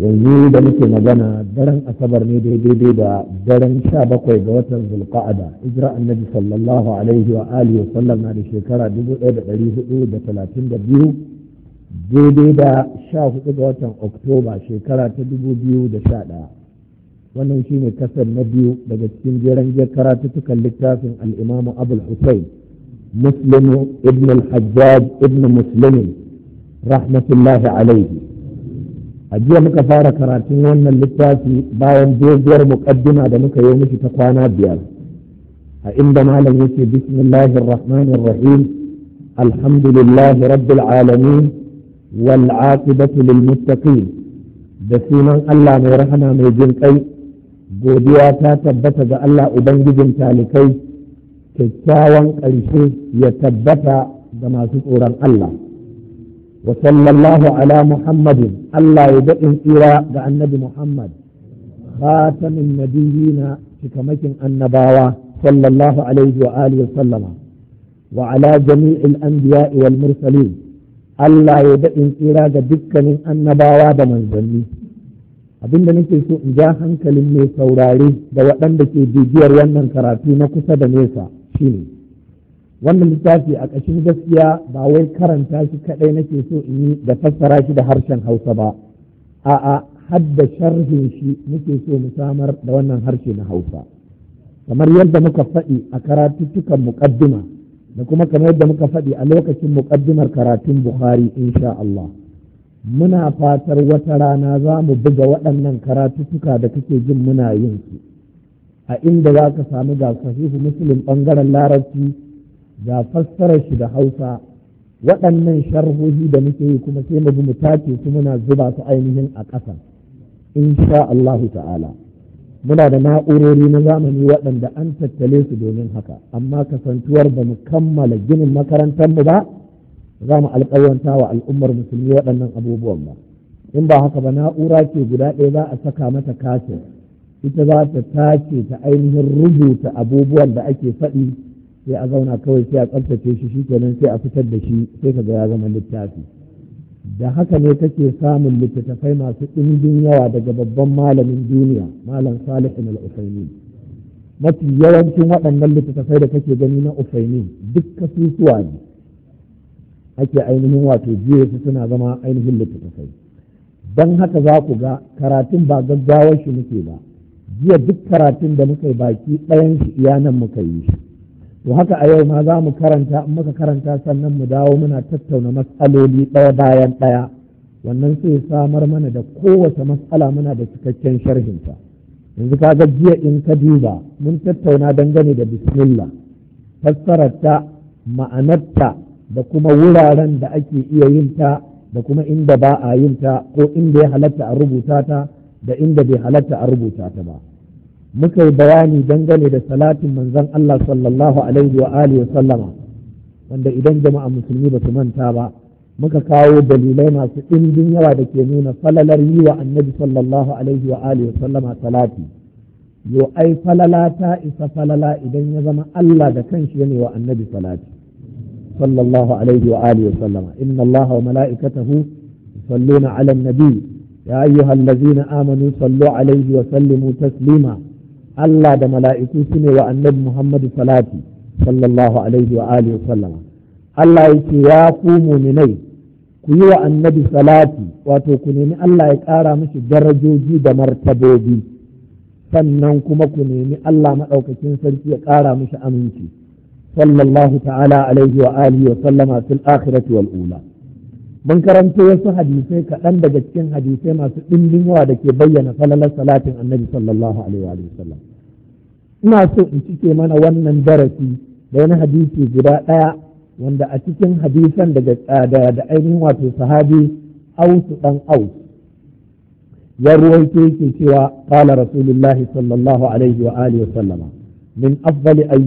yanzu da muke magana daren asabar ne daidai da daren sha bakwai ga watan zulqa'ada hijira annabi sallallahu alaihi wa alihi wa sallam na da shekara dubu ɗaya da ɗari hudu da talatin da biyu daidai da sha hudu ga watan oktoba shekara ta dubu biyu da sha ɗaya wannan shine kasar na biyu daga cikin jeren karatuttukan littafin al'imamu abul husayn muslimu ibn al-hajjaj ibn muslimin rahmatullahi alaihi a jiya muka fara karatun wannan littafi bayan doguwar muƙaddima da muka yi miki ta kwana biyar a inda malam yake bismillahir rahmanir rahim alhamdulillahi rabbil alamin wal aqibatu lil muttaqin da sunan Allah mai rahama mai jin kai godiya ta tabbata ga Allah ubangijin talikai kyakkyawan ƙarshe ya tabbata ga masu tsoron Allah وصلى الله على محمد الله يدعو إلى النبي محمد خاتم النبيين كمكن النباوة صلى الله عليه وآله وسلم وعلى جميع الأنبياء والمرسلين الله يدعو إلى دكا من النباوة من ذنبي abin da nake so in ja hankalin mai saurare da waɗanda ke bibiyar wannan karatu na kusa da nesa shine wannan littafi a ƙashin gaskiya ba wai karanta shi kaɗai nake so in yi da fassara shi da harshen hausa ba a'a hadda sharhin shi muke so mu samar da wannan harshe na hausa kamar yadda muka faɗi a karatuttukan muƙaddima da kuma kamar yadda muka faɗi a lokacin muƙaddimar karatun buhari insha Allah muna fatar wata rana za mu buga waɗannan karatuttuka da kake jin muna yin su a inda za ka samu ga sahihu muslim ɓangaren larabci ga fassarar shi da hausa waɗannan sharhohi da muke yi kuma sai mu bi mu tace su muna zuba su ainihin a ƙasa insha Allahu ta'ala muna da na'urori na zamani waɗanda an tattale su domin haka amma kasantuwar ba mu kammala ginin makarantar mu ba za mu alƙawanta wa al'ummar musulmi waɗannan abubuwan ba in ba haka ba na'ura ce guda ɗaya za a saka mata kaset ita za ta tace ta ainihin rubuta abubuwan da ake faɗi sai a zauna kawai sai a tsabtace shi shi kenan sai a fitar da shi sai ka ga ya zama littafi da haka ne kake samun littattafai masu ɗimbin yawa daga babban malamin duniya malam salihin al ufaini. mafi yawancin waɗannan littattafai da kake gani na ufaini duk kasusuwa ne ake ainihin wato biye su suna zama ainihin littattafai don haka za ku ga karatun ba gaggawar shi muke ba jiya duk karatun da muka yi baki ɗayan shi iyanan muka yi shi to haka a yau ma za mu karanta in muka karanta sannan mu dawo muna tattauna matsaloli ɗaya bayan ɗaya wannan sai samar mana da kowace matsala muna da cikakken sharhinta yanzu ka ga jiya in ka duba mun tattauna dangane da bismillah fassararta ma'anarta da kuma wuraren da ake iya yin ta da kuma inda ba a yin ta ko inda ya halatta a rubuta ta da inda bai halatta a rubuta ta ba muka yi bayani dangane da salatin manzon Allah sallallahu alaihi wa alihi wa sallama wanda idan jama'a musulmi ba su manta ba muka kawo dalilai masu ɗimbin yawa da ke nuna falalar yi wa annabi sallallahu alaihi wa alihi wa sallama salati yo ai falala ta isa falala idan ya zama Allah da kanshi ne wa annabi salati sallallahu alaihi wa alihi wa sallama inna Allah wa mala'ikatahu yusalluna 'alan nabi ya ayyuhallazina amanu sallu alaihi wa sallimu taslima Allah da mala'iku su ne wa annabi Muhammadu salati sallallahu alaihi wa alihi sallama Allah yake ya ku muminai ku yi wa annabi salati wato ku nemi Allah ya ƙara mishi darajoji da martabobi sannan kuma ku nemi Allah maɗaukakin sarki ya ƙara mashi aminci sallallahu ta'ala alaihi wa alihi wa sallama fil akhirati wal ula mun karanto wasu hadisai kaɗan daga cikin hadisai masu ɗimbin da ke bayyana falalar salatin annabi sallallahu alaihi wa sallam ina so in cike mana wannan darasi da wani hadisi guda ɗaya wanda a cikin hadisan daga da ainihin wato sahabi ausu ɗan aus ya ruwaito yake cewa qala rasulullahi sallallahu alaihi wa alihi wa sallama min afdali